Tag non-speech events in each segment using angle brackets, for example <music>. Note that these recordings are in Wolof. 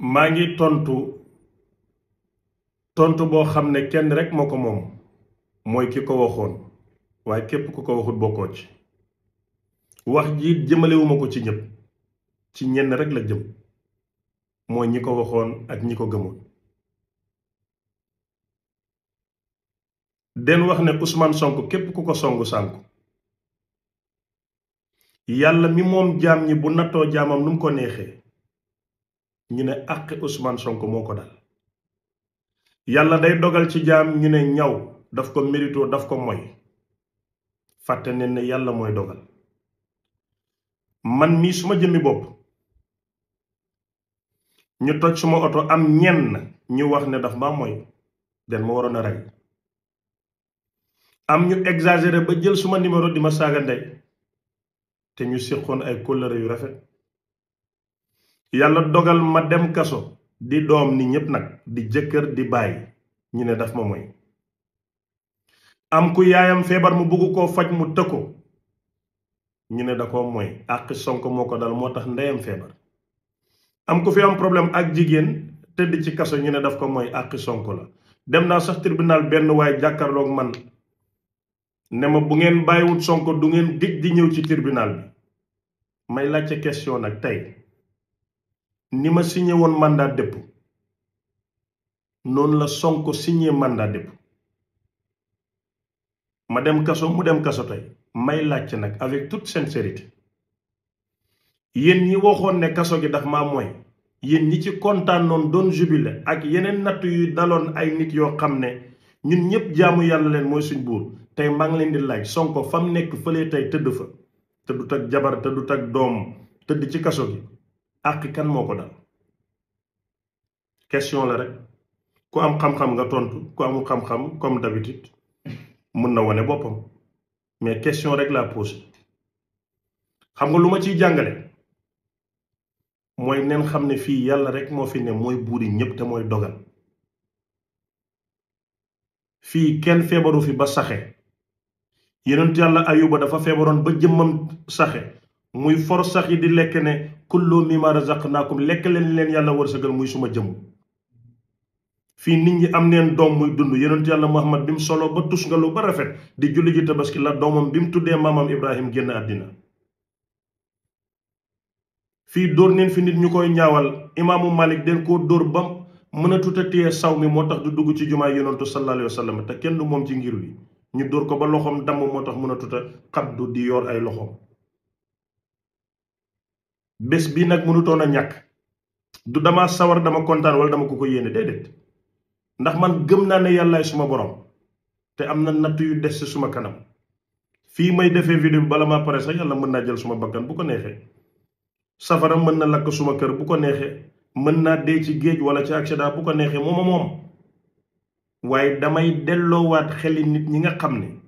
maa ngi tontu tontu boo xam ne kenn rek moo ko moom mooy ki ko waxoon waaye képp ku ko waxut bokkoo ci wax ji jëmalewuma ko ci ñëpp ci ñenn rek la jëm mooy ñi ko waxoon ak ñi ko gëmoon denn wax ne Ousmane sonk képp ku ko songu sànku yàlla mi moom jaam ñi bu nattoo jaamam nu mu ko neexee ñu ne àqi Ousmane sonk moo ko dal yàlla day dogal ci jaam ñu ne ñaw daf ko mérito daf ko moy fàtte ne ne yàlla mooy dogal man mii suma jëmmi bopp ñu toj suma oto am ñenn ñu wax ne daf ma moy den ma waroon a rey am ñu exagéré ba jël suma numéro di ma saaga ndey te ñu séqoon ay kóllëre yu rafet yàlla dogal ma dem kaso di doom ni ñépp nag di jëkkër di bàyyi ñu ne daf ma moy am ku yaayam feebar mu bëgg koo faj mu tëkko ñu ne da koo moy àq Sonko moo ko moo tax ndeyam feebar am ku fi am problème ak jigéen tëdd ci kaso ñu ne daf ko moy àq Sonko la dem naa sax tribunal benn waaye jàkkaarloog man ne ma bu ngeen bàyyiwut Sonko du ngeen gëj di ñëw ci tribunal bi may laajte question nag tey ni ma signé woon mandat dépôt noonu la Sonko signé mandat dépôt ma dem kaso mu dem kaso tey may laajte nag avec seen sincérité yéen ñi waxoon ne kaso gi daf maa mooy yéen ñi ci kontaanoon doon jubile ak yeneen natt yu daloon ay nit yoo xam ne ñun ñépp jaamu yàlla leen mooy suñ buur tey maa ngi leen di laaj Sonko fam nekk fële tey tëdd fa te du tag jabar du tag doom tëdd ci kaso gi àq kan moo ko dal question la rek ku am xam-xam nga tontu ku amul xam-xam comme d'habitude mën na wane boppam mais question rek laa posé xam nga lu ma ciy jàngale mooy nen xam ne fii yàlla rek moo fi ne mooy buuri ñépp te mooy dogal fii kenn feebaru fi ba saxe yeneen yàlla ayoba dafa feebaroon ba jëmmam saxe muy for sax yi di lekk ne kullu mimma razaqnaakum lekk leen leen yàlla wërsëgal muy suma jëm fii nit ñi am neen doom muy dund yonent yàlla muhammad bi mu solo ba tus nga lu ba rafet di julli ji tabaski la doomam bi mu tuddee maamam ibrahim génn àddina fii dóor neen fi nit ñu koy ñaawal imaamu malik den koo dóor ba mënatuta a saw mi moo tax du dugg ci jumaa yonentu sallallahu alayhi wa sallam te kenn du moom ci ngir wi ñu dóor ko ba loxoom damm moo tax mën a tuta di yor ay loxoom bés bi nag mënutoon a ñàkk du damaa sawar dama kontaan wala dama ko ko yéene déedéet ndax man gëm naa ne yàllaay suma borom te am na natt yu des suma kanam fii may defee vidéo bi bala ma pare sax yàlla mën naa jël suma bakkan bu ko neexee safara mën na lakk suma kër bu ko neexee mën naa dee ci géej wala ci accident bu ko neexee moom a moom waaye damay delloowaat xeli nit ñi nga xam ne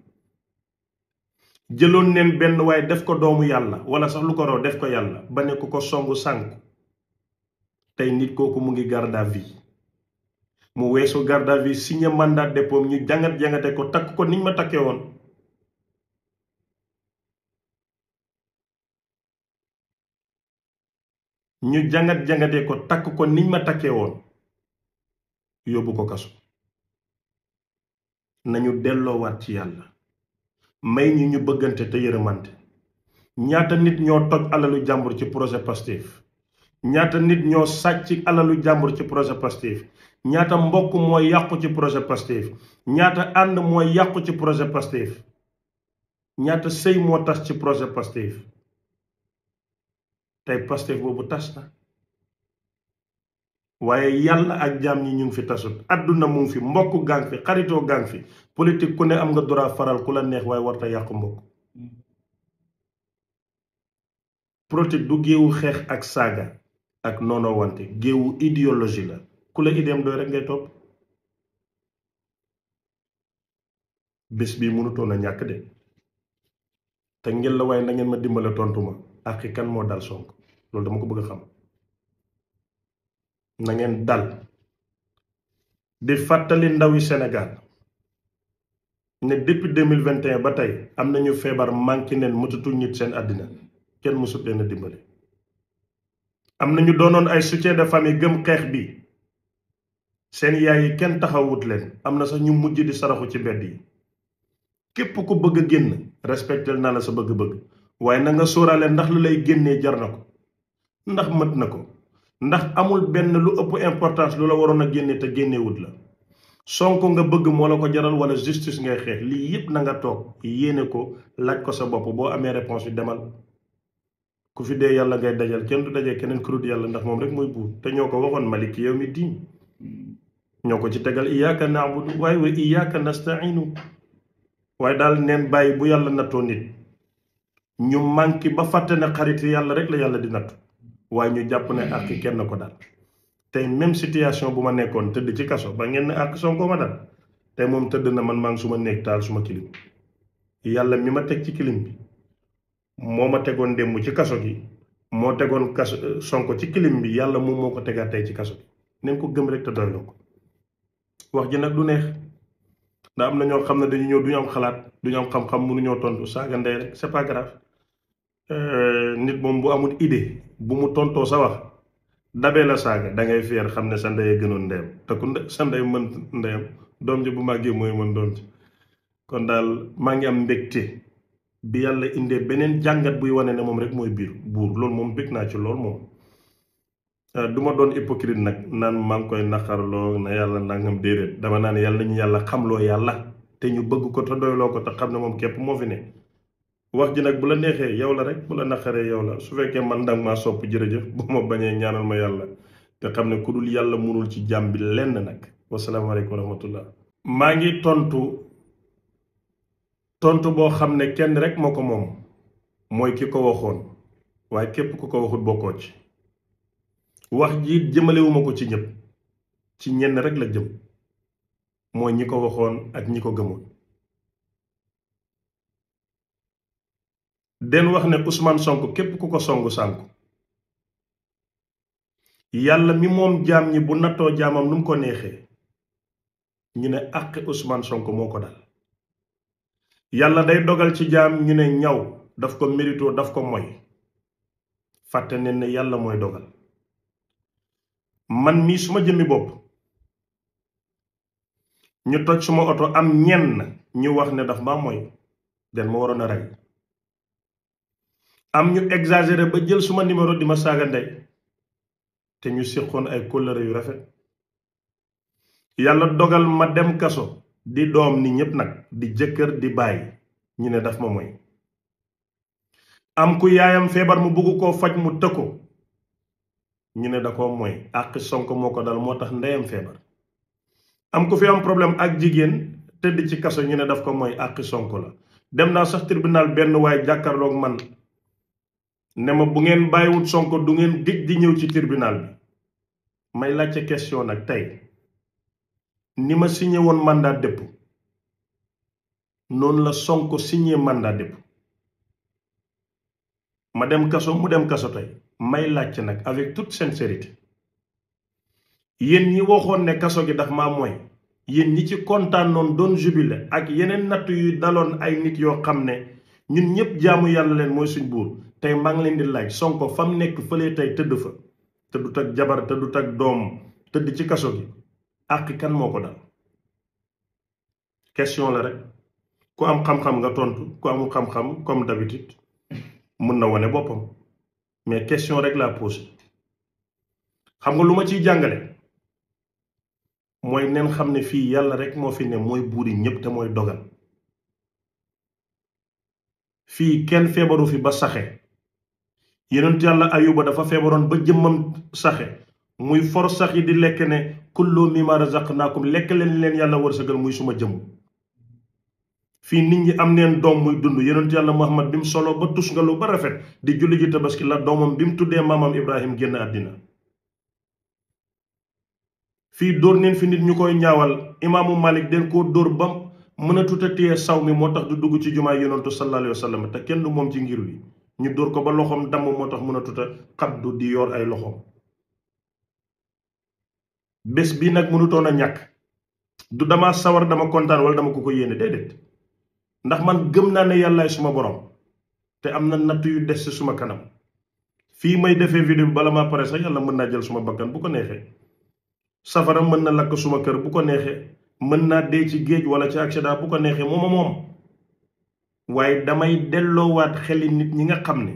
jëlon neen benn way def ko doomu yalla wala sax lu ko raw def ko yalla ba ne ko songu sank tay nit koku mu ngi garda vie mu weesu garda vie signé mandat de dépôt ñu jangat jangate ko tak ko niñ ma takké won ñu jangat jangate ko tak ko niñ ma takké won yobbu ko kasso nañu wat ci yalla may ñi ñu bëggante te yërëmante ñaata nit ñoo toj alalu jàmbur ci projet Pastef ñaata nit ñoo sàcc alalu jàmbur ci projet Pastef ñaata mbokk mooy yàqu ci projet Pastef ñaata ànd mooy yàqu ci projet Pastef ñaata sëy moo tas ci projet Pastef tey Pastef boobu tas na waaye yàlla ak jaam ñi ñu ngi fi tasut àdduna mu ngi fi mbokk gang fi xaritoo gang fi politique ku ne am nga droit faral ku la neex waaye warta yàqu mbokk politique du géewu xeex ak saaga ak nono wante géewu idéologie la ku la idéem doy rek ngay topp bés bii mënutoon a ñàkk de te ngeen la waaye na ngeen ma dimbale tontu ak kan moo dal sonk loolu dama ko bëgg xam na ngeen dal di fàttali ndawi Sénégal ne depuis deux mille vingt et ba tey am nañu feebar manqué neen mëtutu nit seen àddina kenn mësut leen a dimbali am nañu doonoon ay soutien de famille gëm xeex bi seen yaay yi kenn taxawut leen am na sa ñu mujj di saraxu ci mbedd yi képp ko bëgg génn respectel naa la sa bëgg-bëgg waaye na nga sóoraale ndax lu lay génnee jar na ko ndax mët na ko ndax amul benn lu ëpp importance lu la waroon a génne te génnewut la sonk nga bëgg moo la ko jaral wala justice ngay xeex lii yépp na nga toog yéene ko laaj ko sa bopp boo amee réponse bi demal ku fi dee yàlla ngay dajal kenn du dajee keneen kurut yàlla ndax moom rek mooy buur te ñoo ko waxoon malik yow mi diin ñoo ko ci tegal iyyaka na'budu waaye wa iyyaka nasta'inu waaye daal neen bàyyi bu yàlla nattoo nit ñu manqué ba fàtte ne xarit yàlla rek la yàlla di nattu way ñu japp ne ak hmm. kenn ko dal tay même situation buma nekkon teud ci kasso ba ngeen ak son ko ma dal tay mom teud na man maa ngi suma néeg taal suma kilim yalla mi ma tek ci kilim bi moma tegon dem ci kasso gi mo tegon euh, son ko ci kilim bi yalla mom moko ko tay ci kasso gi ko gëm rek ta doyloo ko wax ji nak du neex da am na ñoo dañu ñoo duñu am xalaat duñu am xam-xam mënu ñoo tontu saaga ndey rek c'est pas grave euh, nit mom bu amul idée bu mu tontoo sa wax dabee la saaga dangay ngay xam ne sa ndey gënoon ndeyam te ku sa ndey mën ndeyam doom ji bu màggee mooy mën doom ji kon daal maa ngi am mbégte bi yàlla indee beneen jàngat buy wane ne moom rek mooy biir buur loolu moom bég naa ci lool moom euh, du ma doon hypocrite nag naan maa ngi koy naqarloo na yàlla nangam déedéet dama naan yàlla ñu yàlla xamloo yàlla te ñu bëgg ko te doyloo ko te xam ne moom képp moo fi ne wax ji nak bu la yow la rek bu la naqaree yow la su fekkee man dang ma sopp jërëjëf <laughs> boo ma bañé ñaanal ma yalla té xamné ne ku dul yalla mënul ci lenn nak wa salaamu alaykum wa rahmatullah ma ngi tontu tontu bo xamné kenn rek moo mom moy kiko ko waxoon waaye képp ku ko waxut bokkoo ci wax ji jëmalewuma ko ci ñëpp ci ñenn rek la jëm moy ñiko ko waxoon ak ñiko den wax ne Ousmane sonk képp ku ko songu sànku yàlla mi moom jaam ñi bu nattoo jaamam nu mu ko neexee ñu ne àqi usmaan sonk moo ko dal yàlla day dogal ci jaam ñu ne ñaw daf ko mérito daf ko moy fàtte ne yàlla mooy dogal man mii suma jëmmi bopp ñu toj suma oto am ñenn ñu wax ne daf maa moy den ma waroon a rey am ñu exagéré ba jël suma numéro di ma saaga ndey te ñu séqoon ay kóllëre yu rafet yàlla dogal ma dem kaso di doom ni ñépp nag di jëkkër di bàyyi ñu ne daf ma moy am ku yaayam feebar mu bugg koo faj mu tëkko ñu ne da ko moy àq sonk moo ko dal moo tax ndeyam feebar am ku fi am problème ak jigéen tëdd ci kaso ñu ne daf ko moy àq sonk la dem naa sax tribunal benn waaye jàkkaarloog man ne ma bu ngeen bàyyiwul Sonko du ngeen digg di ñëw ci tirbinaal bi may laajte question nag tey ni ma signé woon mandat dépôt noonu la Sonko signé mandat dépôt ma dem kaso mu dem kaso tey may laajte nag avec toute sincérité yéen ñi waxoon ne kaso gi daf maa mooy yéen ñi ci kontaan noonu doon jubile ak yeneen natt yu daloon ay nit yoo xam ne ñun ñëpp jaamu yàlla leen mooy suñ buur tey maa ngi leen di laaj Sonko fam nekk fële tey tëdd fa te du ak jabar tëddut tag doom tëdd ci kaso gi àq kan moo ko dal question la rek ku am xam-xam nga tontu ku amul xam-xam comme d'habitude mën na wane boppam mais question rek laa posé xam nga lu ma ciy jàngale mooy nen xam ne fii yàlla rek moo fi ne mooy buuri ñépp te mooy dogal fii kenn feebaru fi ba saxe yonent yàlla ayuba dafa feebaroon ba jëmmam saxe muy for sax yi di lekk ne kullu mimma razaqnaakum lekk leen leen yàlla wërsëgal muy suma jëmm fii nit ñi am neen doom muy dund yonent yàlla muhammad bi mu solo ba tus nga lu ba rafet di julli ji tabaski la doomam bi mu tuddee maamam ibrahim génn àddina fii dóor neen fi nit ñu koy ñaawal imaamu malik den koo dóor ba mën a tuta saw mi moo tax du dugg ci jumaa yonentu sallallahu alayhi wa te kenn du moom ci ngir wi ñu dóor ko ba loxoom damm moo tax mën a tuta xaddu di yor ay loxoom bés bi nag mënutoon a ñàkk du dama sawar dama kontaan wala dama ko ko yéene déedéet ndax man gëm naa ne yàllaay suma borom te am na natt yu des ci suma kanam fii may defee vidéo bi bala maa pare sax yàlla mën naa jël suma bakkan bu ko neexee safara mën na lakk suma kër bu ko neexee mën naa dee ci géej wala ci accident bu ko neexee mooma moom waaye damay delloowaat xeli nit ñi nga xam ne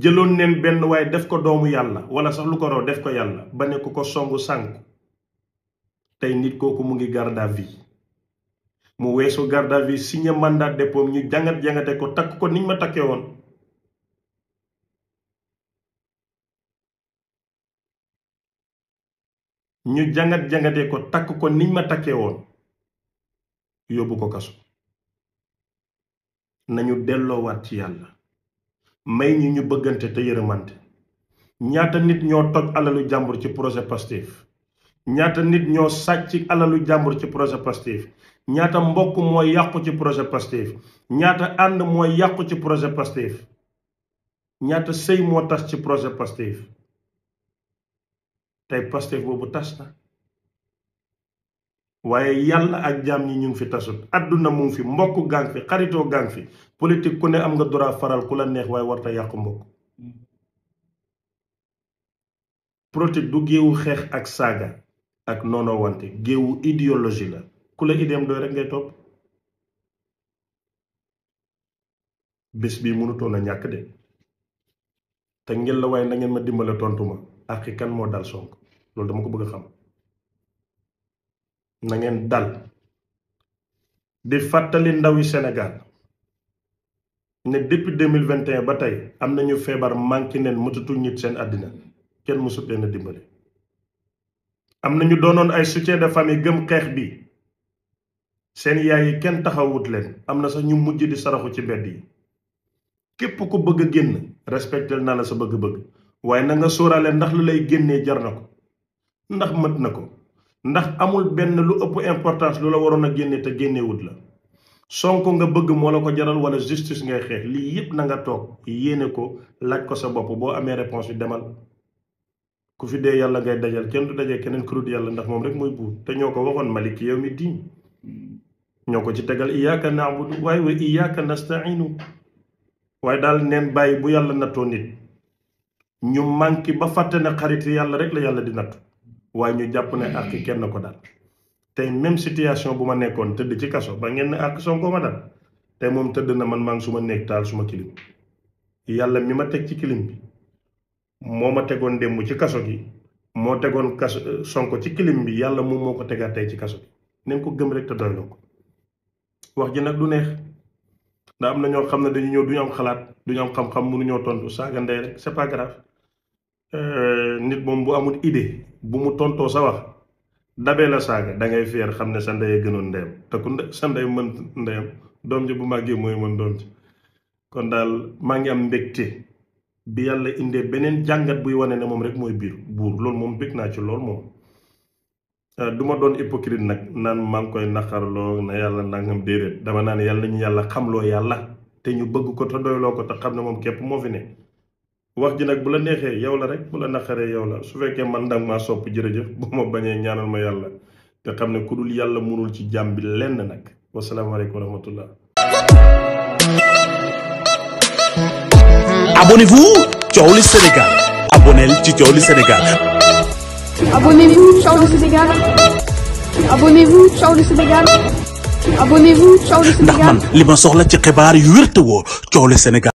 jëloon neen benn waaye def ko doomu yàlla wala sax lu ko raw def ko yàlla ba ne ko songu sànk tey nit kooku mu ngi garda vie mu weesu garda vie mandat dépôt ñu jangat jangate ko takk ko niñ ma takkee woon ñu jangat jangate ko takk ko niñ ma takkee woon yóbbu ko kaso nañu delloowaat ci yàlla may ñi ñu bëggante te yërëmante ñaata nit ñoo toj alalu jàmbur ci projet Pastef ñaata nit ñoo sàcc alalu jàmbur ci projet Pastef ñaata mbokk mooy yàqu ci projet Pastef ñaata ànd mooy yàqu ci projet Pastef ñaata sëy moo tas ci projet Pastef tey Pastef boobu tas na waye yalla ak jam ñi ñu fi tassut aduna mu fi mbokk gang fi xarito gang fi politique ku ne am nga droit faral kula neex waaye warta yaq mbokk politique du geewu xex ak saga ak nono wante geewu ideologila. la kula idem do rek ngay bes bi mënu to a ñak de ta ngeen la way na ngeen ma dimbalé tontuma ak kan mo dal sonk lolou dama ko bëgg xam na ngeen dal di fàttali ndawi Sénégal ne depuis deux mille vingt et ba tey am nañu feebar manqué neen mëtatu nit seen àddina kenn mësut leen a dimbali. am nañu doonoon ay soutien de famille gëm xeex bi seen yaay yi kenn taxawut leen am na sa ñu mujj di saraxu ci mbedd yi képp ko bëgg a génn respecté naa la sa bëgg-bëgg waaye na nga sóoraale ndax lu lay génnee jar na ko ndax mët na ko. ndax amul ben lu ëpp importance lu la waroon a génne te génnewut la sonko nga bëgg moo la ko jaral wala justice ngay xeex lii yépp na nga toog yéene ko laaj ko sa bopp boo amee réponse bi demal ku fi dee yàlla ngay dajal kenn du dajal. keneen kurut yàlla ndax moom rek mooy buur te ñoo ko waxoon malik yow mi diin ci tegal iyaaka naabudu wa iyaaka nastainu waaye daal neen bàyyi bu yàlla nattoo nit ñu manki ba fàtte xarit yàlla rek la yàlla di nattu waaye ñu jàpp ne ak kenn ko dal tey même situation bu ma nekkoon tëdd ci kaso ba ngeen ne ak ko ma dal tey moom tëdd na man maa ngi suma nekk taal suma kilim yàlla mi ma teg ci kilim bi moo ma tegoon démb ci kaso gi moo tegoon kaso sonko ci kilim bi yàlla moom moo ko tegaat tey ci kaso gi nañ ko gëm rek te doy ko wax ji nag du neex da am na ñoo xam ne dañu ñëw ñu am xalaat ñu am xam-xam mënuñoo tontu saaga ndey rek c'est pas grave euh, nit moom bu amul idée bu mu tontoo sa wax dabee la saaga da ngay xam ne sa ndey gënoon ndeyam te ku sa ndey mën ndeyam doom ji bu màggee mooy mën doom ji kon daal maa ngi am mbégte bi yàlla indee beneen jàngat buy wane ne moom rek mooy biir buur loolu moom bég naa ci lool moom euh, du ma doon hypocrite nag naan maa ngi koy naqarloo na yàlla nangam déedéet dama naan yàlla ñu yàlla xamloo yàlla te ñu bëgg ko te doyloo ko te xam ne moom képp moo fi ne wax ji nak bu la nexé yow la rek bu la naxaré yow la su féké man dang ma sopp jërëjëf bu ma bañé ñaanal ma yalla té xamné ku dul yalla mënul ci jambi lenn nak wa salaamu alaykum wa rahmatullah abonnez-vous Thiowli Sénégal abonnel ci Thiowli Sénégal abonnez-vous Thiowli Sénégal abonnez-vous Thiowli Sénégal abonnez-vous Thiowli Sénégal ndax man li ma soxla ci xibaar yu wér wo woo Thiowli Sénégal